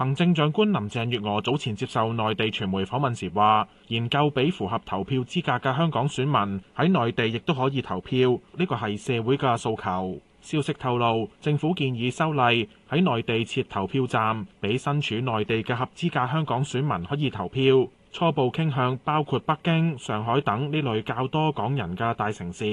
行政長官林鄭月娥早前接受內地傳媒訪問時話：研究俾符合投票資格嘅香港選民喺內地亦都可以投票，呢個係社會嘅訴求。消息透露，政府建議修例喺內地設投票站，俾身處內地嘅合資格香港選民可以投票。初步傾向包括北京、上海等呢類較多港人嘅大城市。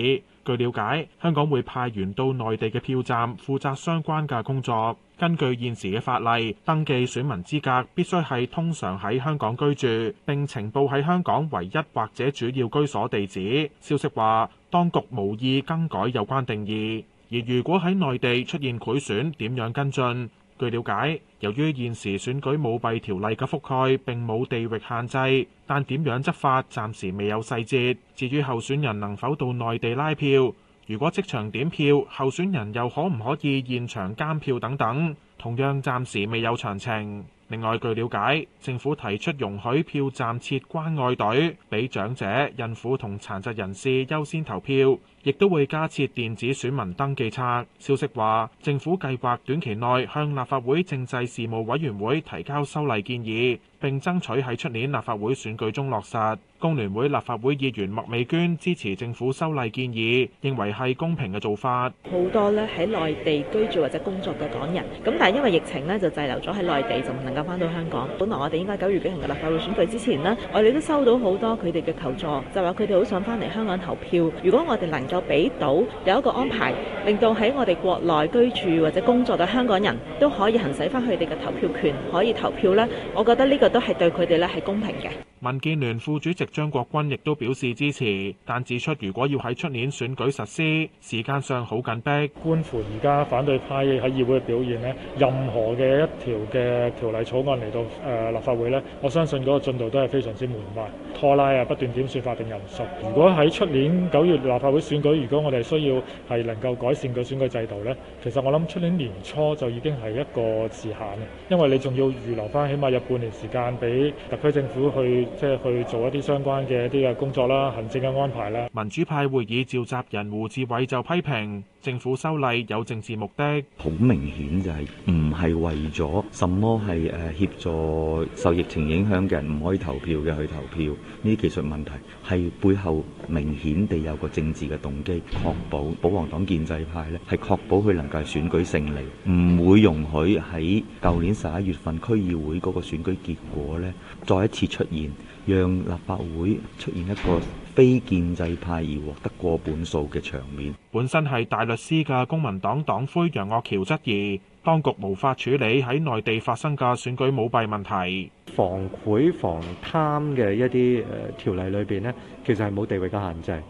據了解，香港會派員到內地嘅票站負責相關嘅工作。根據現時嘅法例，登記選民資格必須係通常喺香港居住並呈報喺香港唯一或者主要居所地址。消息話，當局無意更改有關定義。而如果喺內地出現賄選，點樣跟進？據了解，由於現時選舉舞弊條例嘅覆蓋并冇地域限制，但點樣執法暫時未有細節。至於候選人能否到內地拉票，如果即場點票，候選人又可唔可以現場監票等等，同樣暫時未有詳情。另外，據了解，政府提出容許票站設關愛隊，俾長者、孕婦同殘疾人士優先投票。亦都會加設電子選民登記冊。消息話，政府計劃短期內向立法會政制事務委員會提交修例建議，並爭取喺出年立法會選舉中落實。工聯會立法會議員麥美娟支持政府修例建議，認為係公平嘅做法。好多咧喺內地居住或者工作嘅港人，咁但係因為疫情咧就滯留咗喺內地，就唔能夠翻到香港。本來我哋應該九月舉行嘅立法會選舉之前咧，我哋都收到好多佢哋嘅求助，就話佢哋好想翻嚟香港投票。如果我哋能夠俾到有一個安排，令到喺我哋國內居住或者工作嘅香港人都可以行使翻佢哋嘅投票權。可以投票咧。我覺得呢個都係對佢哋咧係公平嘅。民建聯副主席張國鈞亦都表示支持，但指出如果要喺出年選舉實施，時間上好緊迫。觀乎而家反對派喺議會嘅表現咧，任何嘅一條嘅條例草案嚟到誒、呃、立法會咧，我相信嗰個進度都係非常之緩慢。拖拉啊，不斷點算法定人數。如果喺出年九月立法會選舉，如果我哋需要係能夠改善個選舉制度呢，其實我諗出年年初就已經係一個時限啦，因為你仲要預留翻起碼有半年時間俾特區政府去。即係去做一啲相關嘅一啲嘅工作啦，行政嘅安排啦。民主派會議召集人胡志偉就批評。政府修例有政治目的，好明顯就係唔係為咗什麼係誒協助受疫情影響嘅人唔可以投票嘅去投票呢啲技術問題，係背後明顯地有個政治嘅動機，確保保皇黨建制派咧係確保佢能夠，選舉勝利，唔會容許喺舊年十一月份區議會嗰個選舉結果咧再一次出現。讓立法會出現一個非建制派而獲得過半數嘅場面。本身係大律師嘅公民黨黨魁楊岳橋質疑，當局無法處理喺內地發生嘅選舉舞弊問題。防賄防貪嘅一啲誒條例裏邊呢，其實係冇地域嘅限制，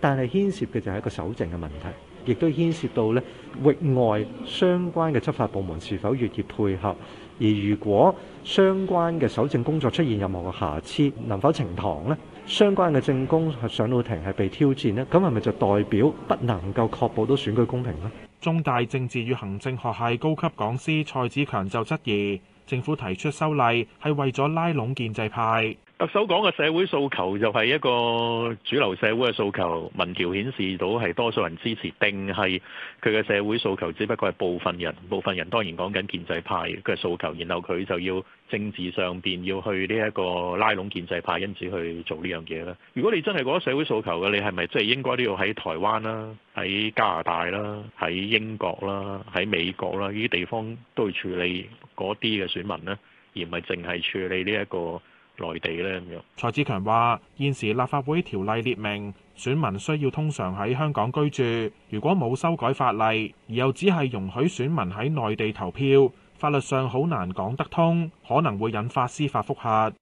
但係牽涉嘅就係一個守正嘅問題。亦都牽涉到呢域外相關嘅執法部門是否越界配合，而如果相關嘅搜證工作出現任何嘅瑕疵，能否呈堂呢？相關嘅證供係上到庭係被挑戰呢？咁係咪就代表不能夠確保到選舉公平呢？中大政治與行政學系高級講師蔡子強就質疑。政府提出修例，係為咗拉攏建制派。特首講嘅社會訴求就係一個主流社會嘅訴求，民調顯示到係多數人支持，定係佢嘅社會訴求只不過係部分人，部分人當然講緊建制派嘅訴求，然後佢就要政治上邊要去呢一個拉攏建制派，因此去做呢樣嘢啦。如果你真係覺得社會訴求嘅，你係咪即係應該都要喺台灣啦？喺加拿大啦，喺英國啦，喺美國啦，呢啲地方都會處理嗰啲嘅選民咧，而唔係淨係處理呢一個內地咧咁樣。蔡子強話：現時立法會條例列明，選民需要通常喺香港居住。如果冇修改法例，而又只係容許選民喺內地投票，法律上好難講得通，可能會引發司法覆核。